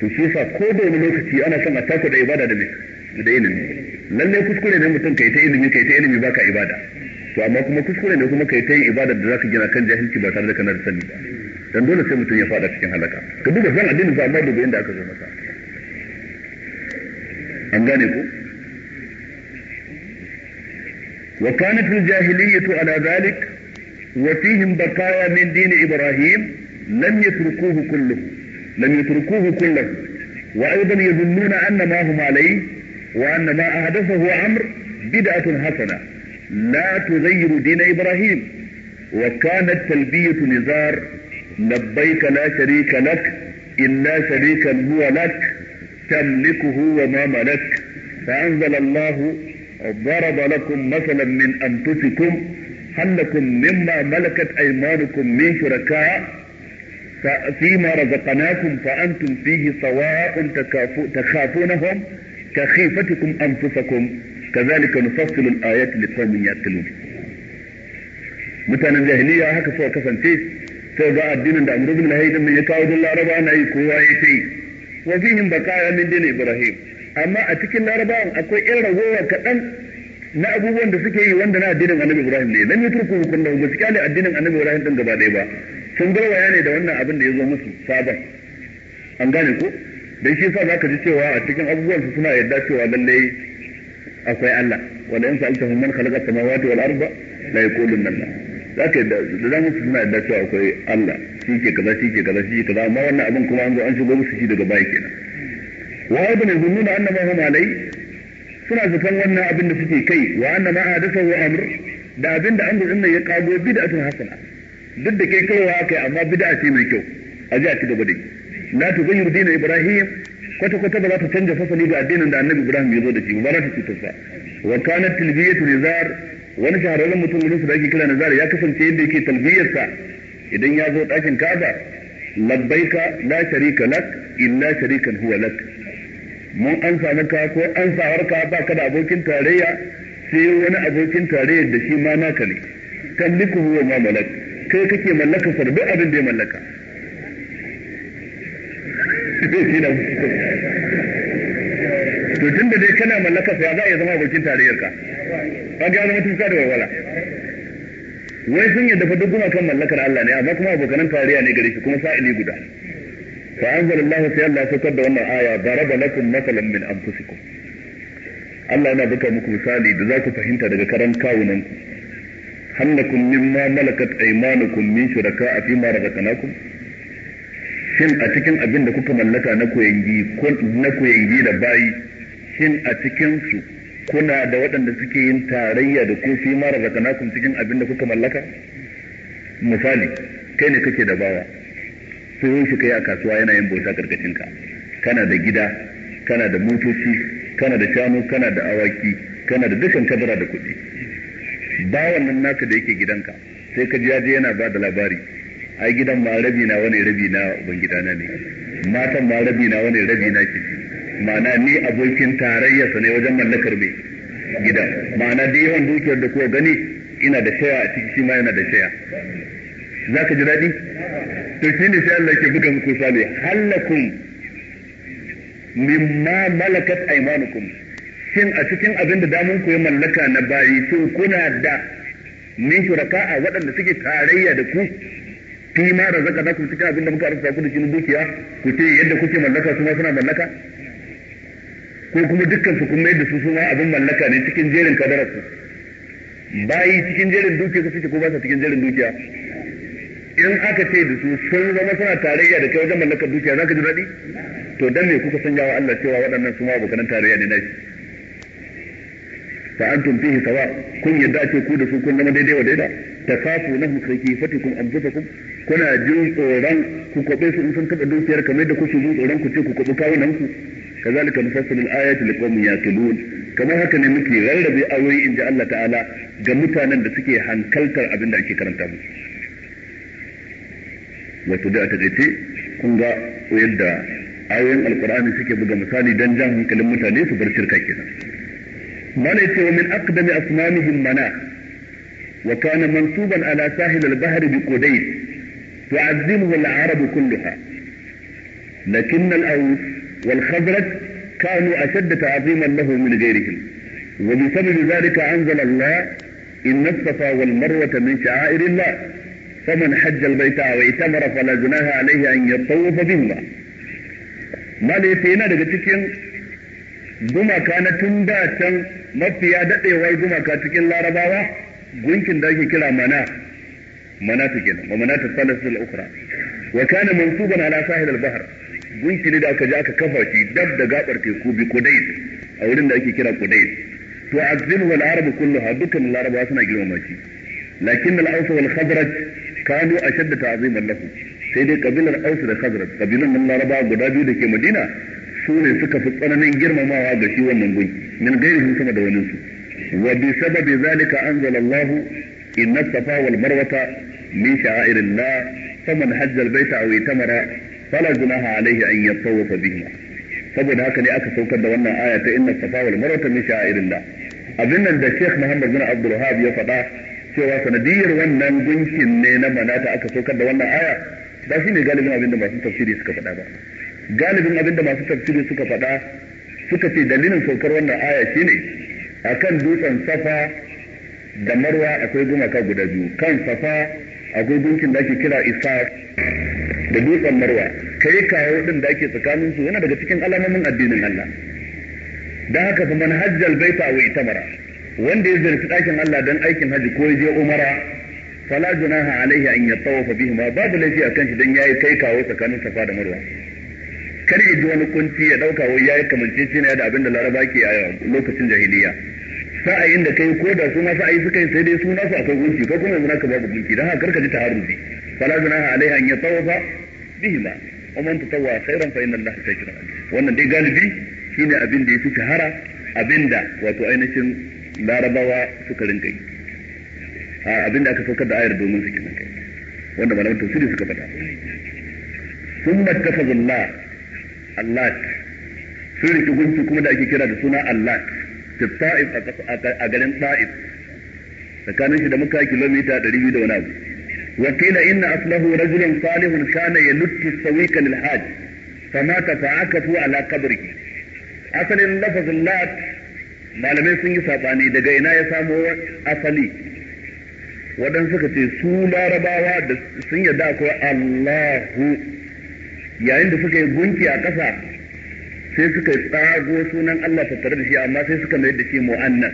to shi yasa ko da wani lokaci ana son a tako da ibada da da ilimi lalle kuskure ne mutum kai ta ilimi kai ta ilimi baka ibada to amma kuma kuskure ne kuma kai ta yin ibada da zaka gina kan jahilci ba tare da kana da sani dan dole sai mutum ya fada cikin halaka ka duba san addinin ba amma duba inda aka zo masa an gane ko وكانت الجاهلية على ذلك وفيهم بقايا من دين إبراهيم لم يتركوه كله لم يتركوه كله وأيضا يظنون أن ما هم عليه وأن ما أحدثه عمرو بدعة حسنة لا تغير دين إبراهيم وكانت تلبية نزار لبيك لا شريك لك إلا شريكا هو لك تملكه وما ملك فأنزل الله ضرب لكم مثلا من أنفسكم هل لكم مما ملكت أيمانكم من شركاء فيما رزقناكم فأنتم فيه سواء تخافونهم كخيفتكم أنفسكم كذلك نفصل الآيات لقوم يأكلون mutanen jahiliya haka suka kasance sai addinin da amru bin lahidin ne ya kawo din laraba na yi kowa ya ce wa fihim baqaya min din ibrahim amma a cikin larabawan akwai irin ragowa kaɗan na abubuwan da suke yi wanda na addinin annabi ibrahim ne lam yutruku kun da gaskiya ne addinin annabi ibrahim din gaba ɗaya ba sun garwaya ne da wannan abin da ya zo musu sabon an gane ko da shi sa zaka ji cewa a cikin abubuwan su suna yadda cewa lalle akwai Allah wanda in sa'altahum man khalaqa samawati wal arda la yaqulun Allah zaka da da musu suna yadda cewa akwai Allah shi ke kaza shi ke kaza shi ke kaza amma wannan abin kuma an zo an shigo musu shi daga baya kenan wa ibn zunnuna annama hum alai suna zaton wannan abin da suke kai wa annama adathu amr da abin da amr din ya kago bid'atun hasana duk da kai kawai aka yi amma bid'a ce mai kyau a ji a ci gaba da yi Na tu ghayyiru na ibrahim kwata kwata ba za ta canza fasali da addinin da annabi ibrahim ya zo da shi ba za ta cutar sa wa kanat talbiyatu nizar wani shahararren mutum gurin da ake kira nizar ya kasance yadda yake talbiyar sa idan ya zo dakin kaza labbaika la sharika lak illa sharikan huwa lak mun an samu ka ko an sawar ka ba ka da abokin tarayya sai wani abokin tarayyar da shi ma naka ne tamliku huwa ma malak kai kake mallakar sa da duk abin da ya mallaka to tun da dai kana mallakar sa ya za a zama abokin tarayyar ka ka ga wani mutum da walwala wai sun yadda fa duk gumakan mallakar Allah ne amma kuma abokanan tarayya ne gare shi kuma sa'ili guda fa anzalallahu sai Allah ya saukar da wannan aya daraba lakum masalan min anfusikum Allah yana buka muku misali da za ku fahimta daga karan kawunan ku هل لكم مما ملكت أيمانكم من شركاء فيما رزقناكم shin a cikin abin da kuka mallaka na koyangi da bayi shin a cikin su kuna da waɗanda suke yin tarayya da ku fi mara zakanakum cikin abin da kuka mallaka misali kai ne kake da bawa sai shi kai a kasuwa yana yin bauta karkashin ka kana da gida kana da motoci kana da shanu kana da awaki kana da dukkan kadara da kuɗi bawan nan naka da yake gidanka sai ka ji ya yana ba da labari ai gidan ma rabi na wani rabi na ban gidana ne matan ma rabi na wani rabi na ke ma'ana ni abokin tarayyarsa ne wajen mallakar mai gidan ma'ana da yawan dukiyar da kuwa gani ina da shaya a ciki shi ma yana da shaya za ka ji daɗi to shi ne sai Allah ke buga muku sale halakum mimma malakat aymanukum shin a cikin abin da damun ku ya mallaka na bayi to kuna da min a waɗanda suke tarayya da ku fi ma da zaka da ku cikin abin da muka rasa ku da shi dukiya ku ce yadda kuke mallaka su ma suna mallaka ko kuma dukkan su kuma yadda su su ma abin mallaka ne cikin jerin kadarar su bayi cikin jerin dukiya su suke ko ba su cikin jerin dukiya in aka ce da su sun zama suna tarayya da kai wajen mallakar dukiya za ka ji daɗi to dan me kuka sanya wa Allah cewa waɗannan su ma abokan tarayya ne na shi fa antum fihi sawa kun yadda ce ku da su kun zama daidai wa daida kun kayfatukum kun? kuna jin tsoron ku kwabe su in sun taba dukiyar kamar da kuke jin tsoron ku ce ku kwabe kawunan ku kazalika nufassilul ayati liqaumin yaqilun kamar haka ne muke rarrabe ayoyi in ji Allah ta'ala ga mutanen da suke hankaltar abin da ake karanta musu wato da ta dace kun ga yadda ayoyin alqur'ani suke buga misali dan jan hankalin mutane su bar shirka kenan ملك ومن أقدم أصنامهم مناه وكان منصوبا على ساحل البحر بقديس تعظمه العرب كلها لكن الأوس والخزرج كانوا أشد تعظيما له من غيرهم وبسبب ذلك أنزل الله إن الصفا والمروة من شعائر الله فمن حج البيت أو اعتمر فلا جناح عليه أن يطوف بهما ما ليس هنا daga cikin gumaka Mafi ya daɗe wai gumaka cikin larabawa gunkin da ake kira mana mana manata kenan wa manata salasul ukra wa kana mansuban ala sahil al-bahr gunki ne da aka je aka kafa shi dab da gabar teku bi kudais a wurin da ake kira kudai to wa wal arab kulluha dukkan larabawa suna girmama shi lakin al-aus wal khazraj kanu ashadda ta'ziman lahu sai dai kabilar aus da khazraj kabilan nan larabawa guda biyu da ke madina su ne suka fi tsananin girmamawa ga shi wannan gunki min gairihim sama da wani su wa bi sababi zalika anzala Allahu inna safa wal marwata min sha'airillah faman hajja al-baita aw itamara fala junaha alayhi an yatawafa bihi saboda haka ne aka saukar da wannan aya ta inna safa wal marwata min sha'airillah abin nan da Sheikh Muhammad bin Abdul Wahhab ya faɗa cewa sanadiyar wannan gunkin ne na manata aka saukar da wannan aya ba shine galibin abin da masu tafsiri suka faɗa ba galibin abin da masu tafsiri suka faɗa suka ce dalilin saukar wannan aya shine akan dutsen safa da marwa akwai gumaka guda biyu kan safa akwai gunkin da ake kira isa da dutsen marwa kai kawo din da ake tsakanin su yana daga cikin alamomin addinin Allah dan haka fa man hajjal baita wa itamara wanda ya ziyarci ɗakin Allah dan aikin haji ko ya je umara fala junaha alaihi an yatawafa ma babu laifi kan shi dan yayi kai kawo tsakanin safa da marwa kar ya ji wani kunci ya dauka wai yayi kamance shi ne da abin da laraba ke a lokacin jahiliya sa'ayin da kai ko da su ma sa'ayi suka yi sai dai su na su akwai gunki ko kuma yanzu ka babu gunki dan haka karka ji taharruzi fala junaha alaiha an yatawafa bihima wa man tatawwa khairan fa inna allaha shakirun wannan dai galibi shine abin da yafi shahara abin da wato ainihin larabawa suka rinka yi abin da aka saukar da ayar domin su kenan kai wanda malamin tafsiri suka faɗa sun اتخذوا الله su sun riki gunki kuma da ake kira da suna Allah ta ta'if a garin ta'if tsakanin shi da muka kilomita 200 da wani abu وقيل ya lutti ya صالح كان يلت السويق fa aka fi على قبره Asalin lafazin lat malamai sun yi saɓani daga ina ya samo asali waɗansu suka ce su larabawa da sun yarda ko Allahu yayin da suka yi gunki a ƙasa sai suka tsago sunan Allah tattare da shi amma sai suka mayar da shi mu'annas